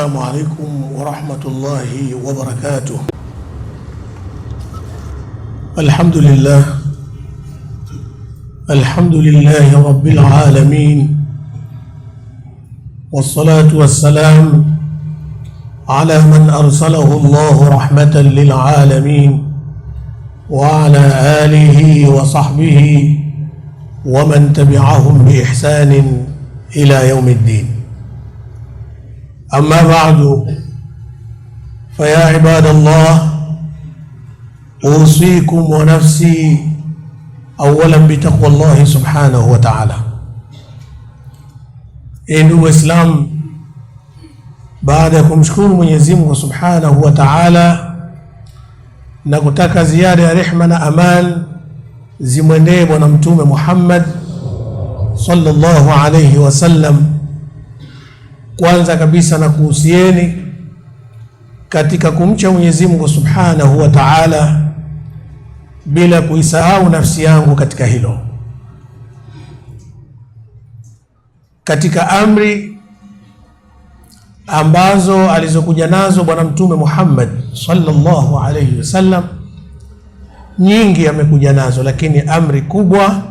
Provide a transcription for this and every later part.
السلام عليكم ورحمة الله وبركاته الحمد لله الحمد لله رب العالمين والصلاة والسلام على من أرسله الله رحمة للعالمين وعلى آله وصحبه ومن تبعهم بإحسان إلى يوم الدين أما بعد فيا عباد الله أوصيكم ونفسي أولا بتقوى الله سبحانه وتعالى إنه إسلام بعدكم شكور من يزيمه سبحانه وتعالى نقطك زيادة رحمة أمان زمنيب ونمتوم محمد صلى الله عليه وسلم Kwanza kabisa na kuhusieni katika kumcha Mwenyezi Mungu Subhanahu wa Ta'ala, bila kuisahau nafsi yangu katika hilo. Katika amri ambazo alizokuja nazo Bwana Mtume Muhammad sallallahu alayhi wasallam, nyingi amekuja nazo, lakini amri kubwa,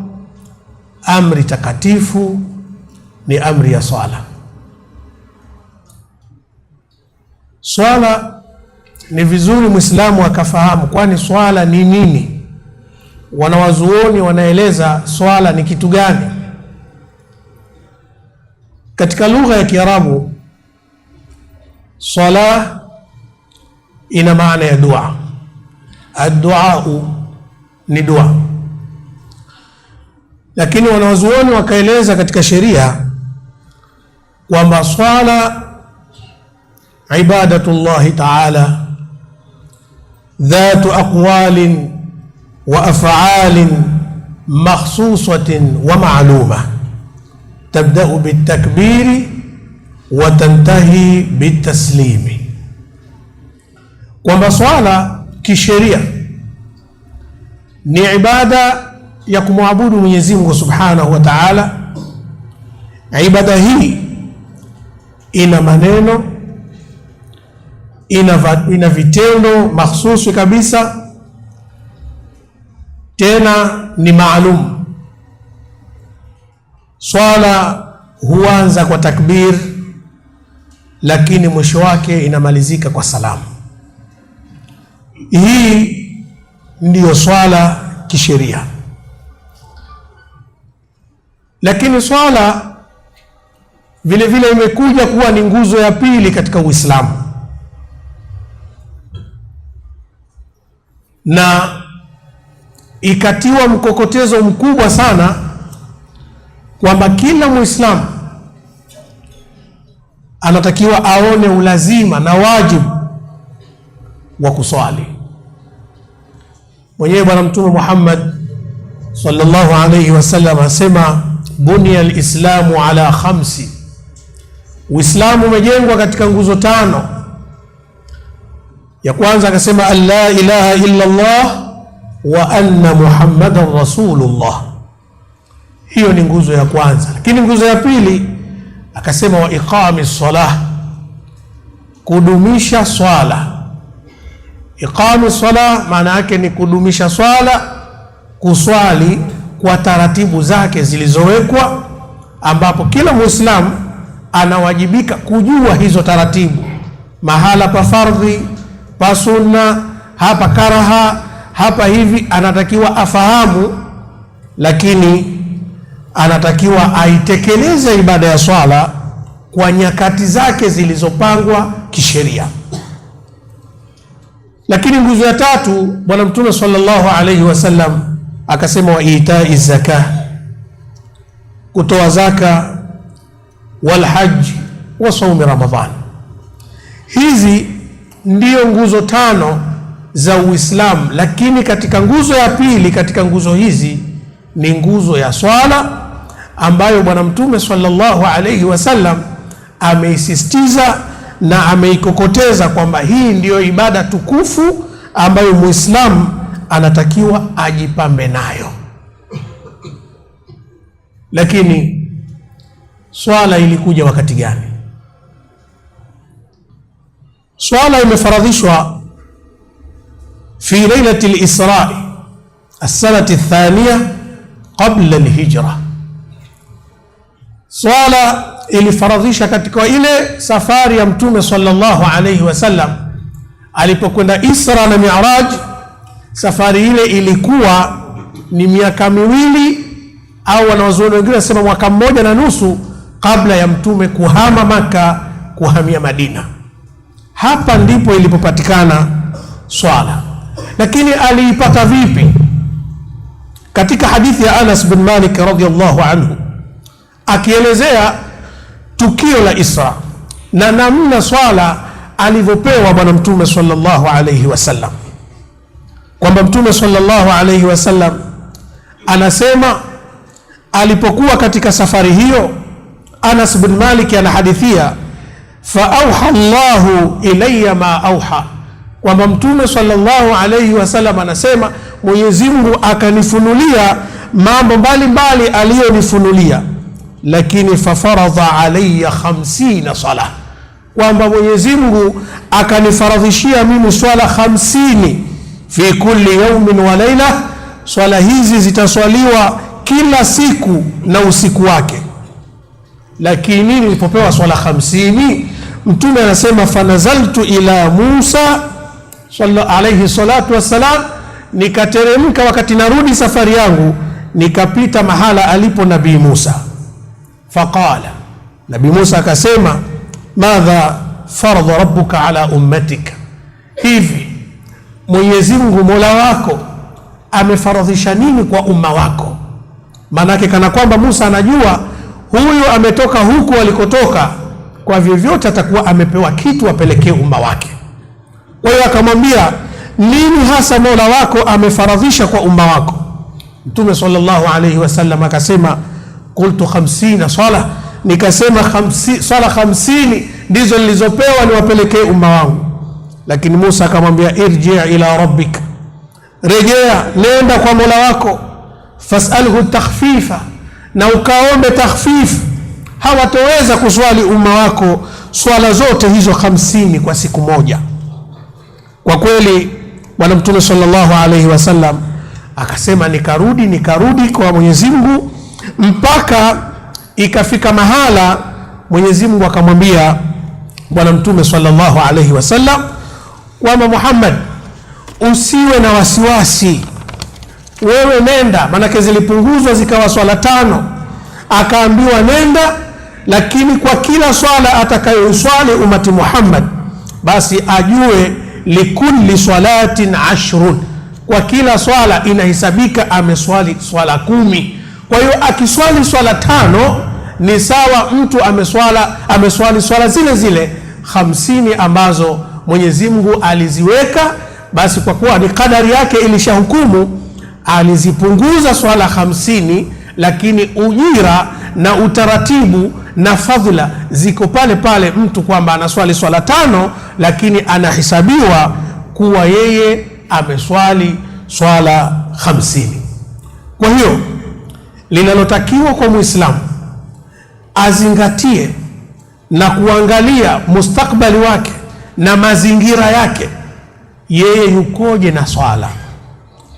amri takatifu ni amri ya swala. Swala ni vizuri mwislamu akafahamu, kwani swala ni nini? Wanawazuoni wanaeleza swala ni kitu gani. Katika lugha ya Kiarabu, swala ina maana ya dua. Adduau ni dua, lakini wanawazuoni wakaeleza katika sheria kwamba swala عبادة الله تعالى ذات أقوال وأفعال مخصوصة ومعلومة تبدأ بالتكبير وتنتهي بالتسليم kwamba swala kisheria ni ibada ya kumwabudu Mwenyezi Mungu Subhanahu wa Ta'ala. Ibada hii ina maneno ina, ina vitendo mahsusi kabisa, tena ni maalum. Swala huanza kwa takbir, lakini mwisho wake inamalizika kwa salamu. Hii ndiyo swala kisheria, lakini swala vile vile imekuja kuwa ni nguzo ya pili katika Uislamu. na ikatiwa mkokotezo mkubwa sana kwamba kila Muislamu anatakiwa aone ulazima na wajibu wa kuswali. Mwenyewe Bwana Mtume Muhammad sallallahu alayhi wasallam asema, bunia lislamu ala khamsi, Uislamu umejengwa katika nguzo tano ya kwanza akasema an la ilaha illa Allah wa anna muhammadan rasulullah. Hiyo ni nguzo ya kwanza, lakini nguzo ya pili akasema wa iqami salah, kudumisha swala. Iqami salah maana yake ni kudumisha swala, kuswali kwa taratibu zake zilizowekwa, ambapo kila Muislamu anawajibika kujua hizo taratibu, mahala pa fardhi pasunna hapa karaha, hapa hivi, anatakiwa afahamu, lakini anatakiwa aitekeleze ibada ya swala kwa nyakati zake zilizopangwa kisheria. Lakini nguzo ya tatu, Bwana Mtume sallallahu alaihi wasallam akasema, wa itai zaka, kutoa zaka, walhaji wa saumi Ramadhan. Hizi ndiyo nguzo tano za Uislamu, lakini katika nguzo ya pili katika nguzo hizi ni nguzo ya swala ambayo Bwana Mtume sallallahu alaihi wasallam ameisisitiza na ameikokoteza kwamba hii ndiyo ibada tukufu ambayo Muislamu anatakiwa ajipambe nayo. Lakini swala ilikuja wakati gani? Swala imefaradhishwa fi lailati lisrai alsanati thania qabla lhijra swala ilifaradhisha katika ile safari ya Mtume sallallahu alayhi wasallam alipokwenda Isra na Miraj. Safari ile ilikuwa ni miaka miwili au wanawazuoni wengine wanasema mwaka mmoja na nusu kabla ya Mtume kuhama Maka kuhamia Madina. Hapa ndipo ilipopatikana swala, lakini aliipata vipi? Katika hadithi ya Anas bin Malik radhiyallahu anhu akielezea tukio la Isra na namna swala alivyopewa Bwana Mtume sallallahu alayhi wasallam, kwamba Mtume sallallahu alayhi wasallam anasema alipokuwa katika safari hiyo, Anas bin Malik anahadithia fa auha llahu ilaya ma auha, kwamba Mtume sallallahu alaihi wasallam anasema Mwenyezi Mungu akanifunulia mambo mbalimbali aliyonifunulia, lakini fafaradha alaya khamsina sala, kwamba Mwenyezi Mungu akanifaradhishia mimi swala khamsini fi kulli yaumin wa laila, swala hizi zitaswaliwa kila siku na usiku wake lakini nilipopewa swala hamsini, Mtume anasema fanazaltu ila Musa alayhi salatu wassalam, nikateremka wakati narudi safari yangu, nikapita mahala alipo Nabii Musa. Faqala, Nabii Musa akasema madha faradha rabbuka ala ummatika, hivi Mwenyezi Mungu mola wako amefaradhisha nini kwa umma wako? Maanake kana kwamba Musa anajua huyu ametoka huku alikotoka, kwa vyovyote atakuwa amepewa kitu apelekee umma wake. Kwa hiyo akamwambia, nini hasa mola wako amefaradhisha kwa umma wako? Mtume sallallahu alayhi wasallam akasema, qultu 50 sala, nikasema sala 50 ndizo nilizopewa niwapelekee umma wangu. Lakini Musa akamwambia, irji ila rabbik, rejea nenda kwa mola wako, fasalhu takhfifa na ukaombe takhfif hawatoweza kuswali umma wako swala zote hizo hamsini kwa siku moja. Kwa kweli Bwana Mtume sallallahu alaihi wasallam akasema, nikarudi nikarudi kwa Mwenyezi Mungu mpaka ikafika mahala Mwenyezi Mungu akamwambia Bwana Mtume sallallahu alaihi wasallam kwamba, Muhammad, usiwe na wasiwasi wewe nenda, maanake zilipunguzwa zikawa swala tano, akaambiwa nenda, lakini kwa kila swala atakayoswali umati Muhammad basi ajue likulli swalatin ashrun, kwa kila swala inahesabika ameswali swala kumi. Kwa hiyo akiswali swala tano ni sawa mtu ameswala ameswali swala zile zile hamsini ambazo Mwenyezi Mungu aliziweka, basi kwa kuwa ni kadari yake ilishahukumu alizipunguza swala hamsini, lakini ujira na utaratibu na fadhila ziko pale pale. Mtu kwamba anaswali swala tano, lakini anahesabiwa kuwa yeye ameswali swala hamsini. Kwa hiyo linalotakiwa kwa Muislamu azingatie na kuangalia mustakbali wake na mazingira yake, yeye yukoje na swala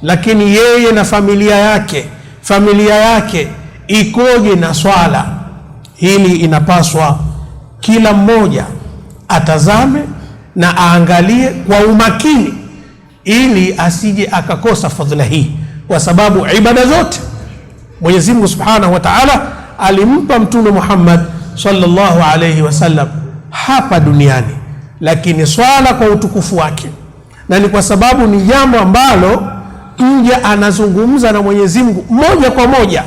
lakini yeye na familia yake, familia yake ikoje na swala hili? Inapaswa kila mmoja atazame na aangalie kwa umakini, ili asije akakosa fadhila hii, kwa sababu ibada zote Mwenyezi Mungu Subhanahu wa Ta'ala alimpa Mtume Muhammad sallallahu alayhi wasallam hapa duniani, lakini swala kwa utukufu wake, na ni kwa sababu ni jambo ambalo mja anazungumza na Mwenyezi Mungu moja kwa moja,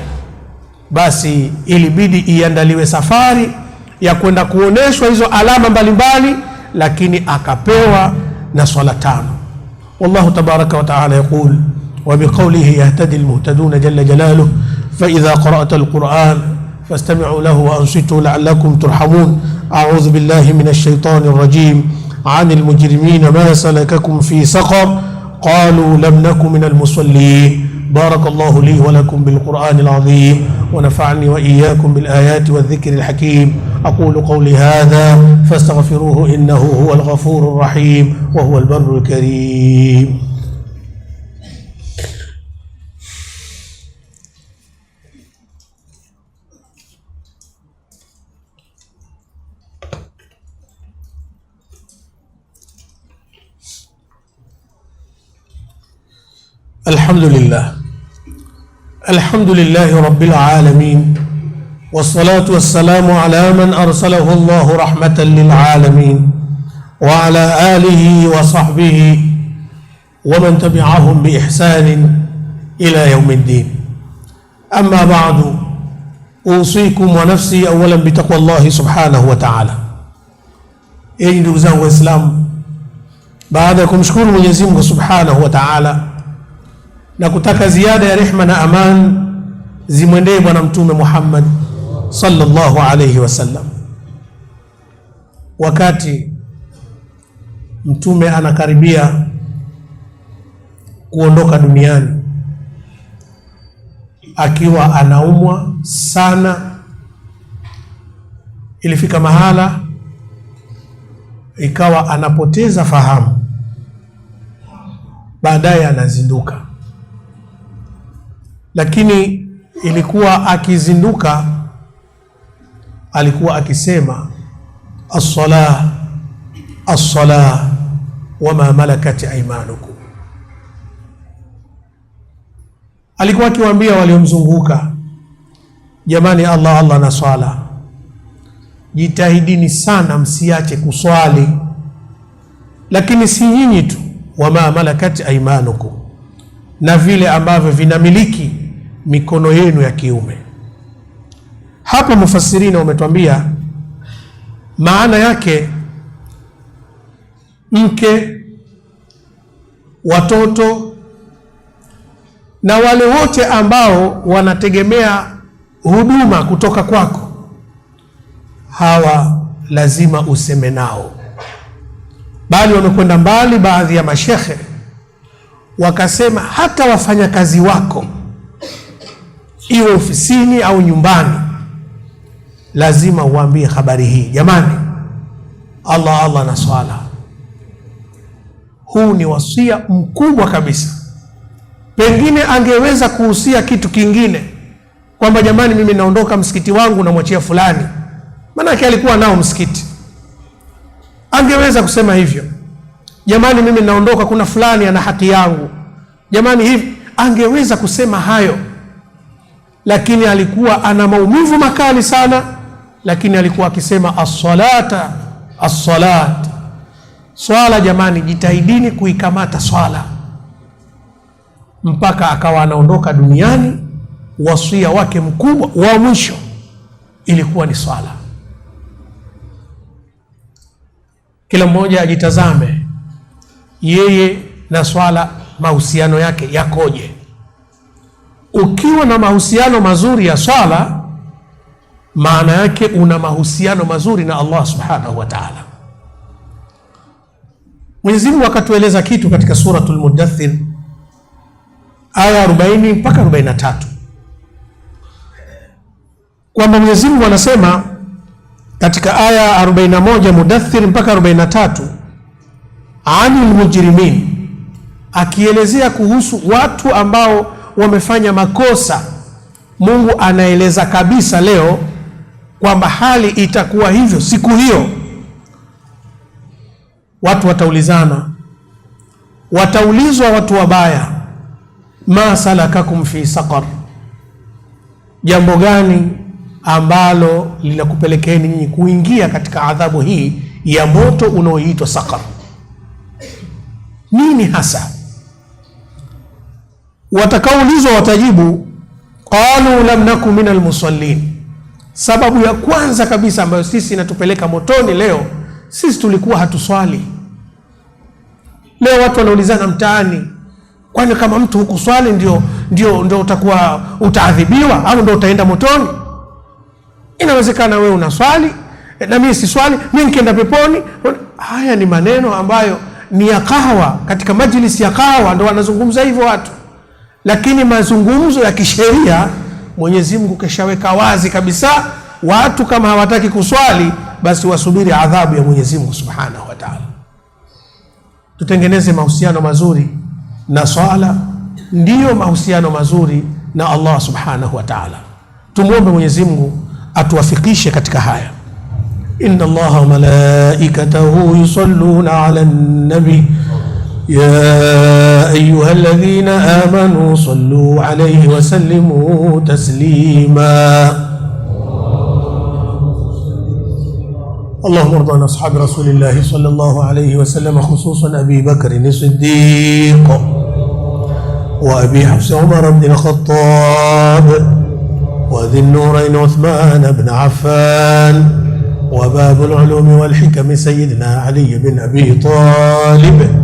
basi ilibidi iandaliwe safari ya kwenda kuoneshwa hizo alama mbalimbali mbali, lakini akapewa na swala tano. Wallahu tabaraka wa taala yaqul wa biqawlihi yahtadi almuhtaduna jalla jalaluhu fa idha qara'ta alquran fastami'u lahu wa ansitu la'allakum turhamun a'udhu billahi minash shaitani rrajim 'anil mujrimina ma salakakum fi saqar قالوا لم نك من المصلين بارك الله لي ولكم بالقرآن العظيم ونفعني وإياكم بالآيات والذكر الحكيم أقول قولي هذا فاستغفروه إنه هو الغفور الرحيم وهو البر الكريم الحمد لله الحمد لله رب العالمين والصلاة والسلام على من أرسله الله رحمة للعالمين وعلى آله وصحبه ومن تبعهم بإحسان إلى يوم الدين أما بعد أوصيكم ونفسي أولا بتقوى الله سبحانه وتعالى أي ndugu zangu بعدكم baada من kumshukuru سبحانه وتعالى na kutaka ziada ya rehma na aman zimwendee Bwana Mtume Muhammad sallallahu alayhi wasallam. Wakati Mtume anakaribia kuondoka duniani akiwa anaumwa sana, ilifika mahala ikawa anapoteza fahamu, baadaye anazinduka lakini ilikuwa akizinduka alikuwa akisema as sala as sala wama malakat aimanukum. Alikuwa akiwaambia waliomzunguka, jamani, Allah Allah na swala, jitahidini sana msiache kuswali, lakini si nyinyi tu, wama malakat aimanukum, na vile ambavyo vinamiliki mikono yenu ya kiume. Hapa mufasirina wametwambia maana yake mke, watoto na wale wote ambao wanategemea huduma kutoka kwako, hawa lazima useme nao, bali wamekwenda mbali baadhi ya mashekhe wakasema hata wafanyakazi wako iwe ofisini au nyumbani, lazima uambie habari hii. Jamani, Allah Allah na swala, huu ni wasia mkubwa kabisa. Pengine angeweza kuhusia kitu kingine kwamba jamani, mimi naondoka msikiti wangu namwachia fulani, maanake alikuwa nao msikiti. Angeweza kusema hivyo, jamani, mimi naondoka, kuna fulani ana haki yangu, jamani, hivi angeweza kusema hayo lakini alikuwa ana maumivu makali sana, lakini alikuwa akisema as-salata as-salat. Swala jamani, jitahidini kuikamata swala mpaka akawa anaondoka duniani. Wasia wake mkubwa wa mwisho ilikuwa ni swala. Kila mmoja ajitazame yeye na swala mahusiano yake yakoje? Ukiwa na mahusiano mazuri ya swala, maana yake una mahusiano mazuri na Allah subhanahu wa ta'ala. Mwenyezi Mungu akatueleza kitu katika Suratul Mudaththir aya 40 mpaka 43 kwamba Mwenyezi Mungu anasema katika aya 41 Mudaththir mpaka 43, anil mujrimin, akielezea kuhusu watu ambao wamefanya makosa, Mungu anaeleza kabisa leo kwamba hali itakuwa hivyo siku hiyo. Watu wataulizana, wataulizwa watu wabaya, ma salakakum fi saqar, jambo gani ambalo linakupelekeni nyinyi kuingia katika adhabu hii ya moto unaoitwa saqar? Nini hasa watakaoulizwa watajibu qalu lam naku min almusallin. Sababu ya kwanza kabisa ambayo sisi inatupeleka motoni leo, sisi tulikuwa hatuswali. Leo watu wanaulizana mtaani, kwani kama mtu hukuswali ndio, ndio, ndio utakuwa utaadhibiwa au ndio utaenda motoni? Inawezekana wewe unaswali eh, na mimi swali mimi nikienda peponi. Haya ni maneno ambayo ni ya kahawa, katika majlisi ya kahawa ndo wanazungumza hivyo watu. Lakini mazungumzo ya kisheria Mwenyezi Mungu keshaweka wazi kabisa, watu kama hawataki kuswali basi wasubiri adhabu ya Mwenyezi Mungu Subhanahu wa Ta'ala. Tutengeneze mahusiano mazuri na swala, ndiyo mahusiano mazuri na Allah Subhanahu wa Ta'ala. Tumwombe Mwenyezi Mungu atuwafikishe katika haya. Inna Allaha wa malaikatahu yusalluna ala nabi يا أيها الذين آمنوا صلوا عليه وسلموا تسليما اللهم ارض عن أصحاب رسول الله صلى الله عليه وسلم خصوصا أبي بكر الصديق وأبي حفص عمر بن الخطاب وذي النورين عثمان بن عفان وباب العلوم والحكم سيدنا علي بن أبي طالب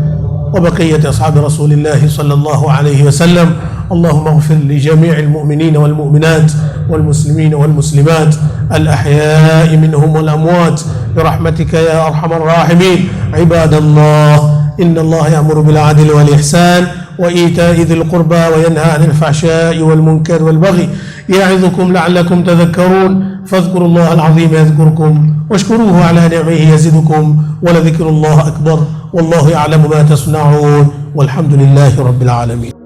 وبقية أصحاب رسول الله صلى الله عليه وسلم اللهم اغفر لجميع المؤمنين والمؤمنات والمسلمين والمسلمات الأحياء منهم والأموات برحمتك يا أرحم الراحمين عباد الله إن الله يأمر بالعدل والإحسان وإيتاء ذي القربى وينهى عن الفحشاء والمنكر والبغي يعظكم لعلكم تذكرون فاذكروا الله العظيم يذكركم واشكروه على نعمه يزدكم ولذكر الله أكبر والله يعلم ما تصنعون والحمد لله رب العالمين